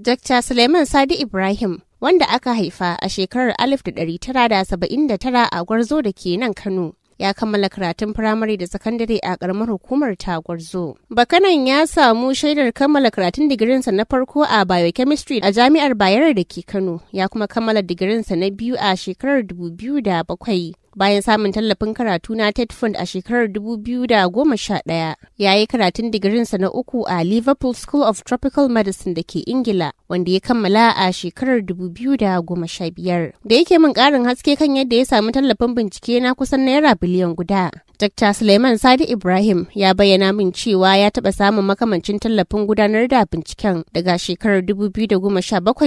Dr. Suleiman Sadi Ibrahim, wanda aka haifa a shekarar 1979 a Gwarzo da ke nan Kano, ya kammala karatun firamare da sakandare a karamar hukumar ta tagwarzo. Bakanan ya samu shaidar kammala karatun digirinsa na farko a biochemistry a jami'ar Bayero da ke Kano, ya kuma kammala digirinsa na biyu a shekarar 2007. bayan samun tallafin karatu na Ted Fund a shekarar 2011. Ya yi karatun digirinsa na uku a Liverpool School of Tropical Medicine da ke Ingila, wanda ya kammala a shekarar 2015. Da yake min ƙarin haske kan yadda ya samu tallafin bincike na kusan naira biliyan guda. Dr. Suleiman Sadi Ibrahim ya bayyana min cewa ya taɓa samun makamancin tallafin gudanar da binciken daga shekarar 2017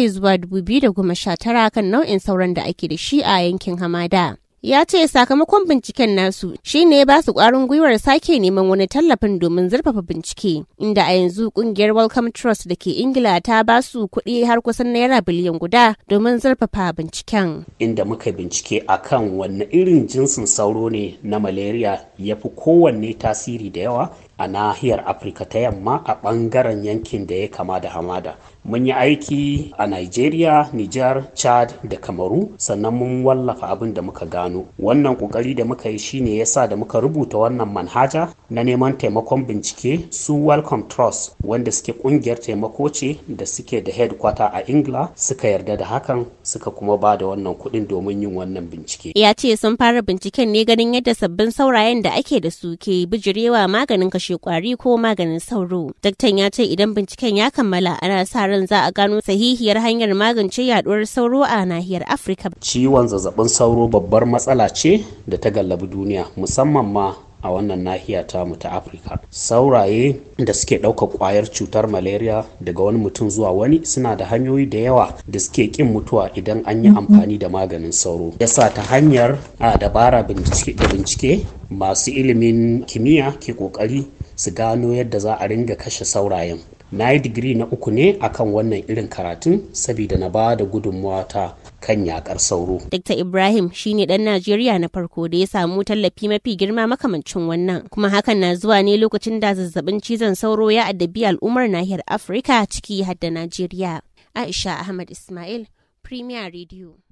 zuwa 2019 kan nau'in sauran da ake da shi a yankin hamada. ya ce sakamakon binciken nasu shine ba basu kwarin gwiwar sake neman wani tallafin domin zurfafa bincike inda a yanzu kungiyar welcome trust da ke ingila ta ba su kuɗi har kusan naira biliyan guda domin zurfafa binciken inda muka bincike a kan wanne irin jinsin sauro ne na malaria ya fi kowanne tasiri da yawa a nahiyar afirka ta yamma a ɓangaren yankin da ya kama da hamada mun yi aiki a nigeria niger chad da kamaru sannan mun wallafa abin da muka gano Kano. wannan kokari da muka yi shine ya sa da muka rubuta wannan manhaja na neman taimakon bincike su welcome trust wanda suke kungiyar taimako ce da suke da headquarter a ingila suka yarda da hakan suka kuma ba da wannan kuɗin domin yin wannan bincike ya ce sun fara binciken ne ganin yadda sabbin saurayen da ake da su ke bijirewa maganin kashe kwari ko maganin sauro daktan ya ce idan binciken ya kammala ana sa ran za a gano sahihiyar hanyar magance yaduwar sauro a nahiyar afirka ciwon zazzabin sauro babbar matsala matsala ce da ta gallabi duniya musamman ma a wannan nahiya mu ta afirka sauraye da suke ɗaukar ƙwayar cutar malaria daga wani mutum zuwa wani suna da hanyoyi da yawa da suke ƙin mutuwa idan an yi amfani da maganin sauro yasa ta hanyar a dabara da bincike masu ilimin kimiyya ke ƙoƙari su gano yadda za a ringa kashe saurayen na yi digiri na uku ne akan wannan irin karatun saboda na ba da gudunmuwa ta kan yakar sauro. Dr. Ibrahim shi ne ɗan Najeriya na farko da ya samu tallafi mafi girma makamancin wannan kuma hakan na zuwa ne lokacin da zazzabin cizon sauro ya addabi al'ummar nahiyar Afirka ciki har da Najeriya. Aisha Ahmad Ismail, Premier Radio.